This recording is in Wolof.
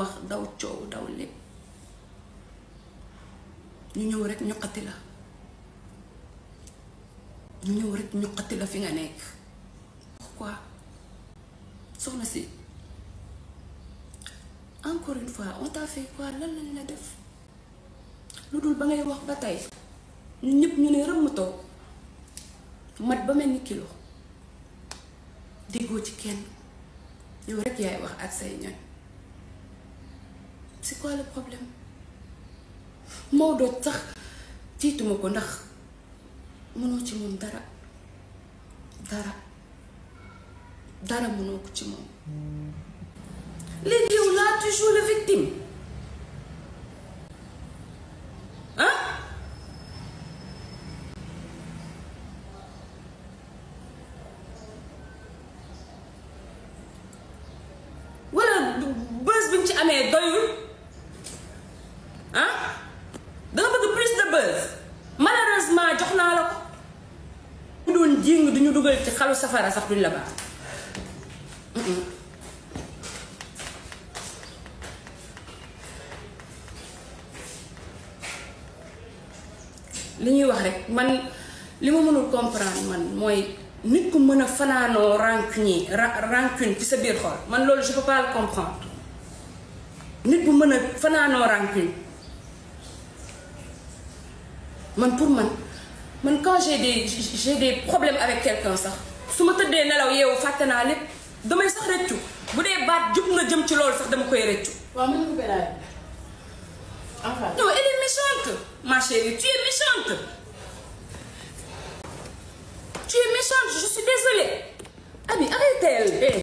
wax daw coow daw lépp ñu ñëw rek ñuqati la ñu ñëw rek ñuqati la fi nga nekk pourquoi soxna si encore une fois on t'a fait quoi la def lu dul ba ngay wax ba tey ñu ñëpp ñu ne rëmm toog mat ba mel ni kilo déggoo ci kenn yow rek yaay wax ak say ñoñ c'est quoi le problème Maodo sax tiituma ko ndax mënoo ci moom dara dara dara mënoo ko ci moom léegi yow laa toujours la victime ah wala bës bi ci amee doyul ah danga bëgg plus de buzz malheureusement jox naa la ko mu doon jéng duñu dugal ci xalu safara sax duñ la baax li ñuy wax rek man li ma mënul comprendre man mooy nit ku mën a fanaanoo rancune rancune ci sa biir xol man loolu je peux pas le comprendre nit bu mën a fanaanoo rancune man pour man quand j'ai des problèmes avec quelqu'un ça je teudé nelaw je fàtte naa damay sax rëccu bu bat Je na pas ci ne sax dama koy non elle est méchante ma chérie tu es méchante. tu es méchante je suis désolée. Ami, arrête-elle.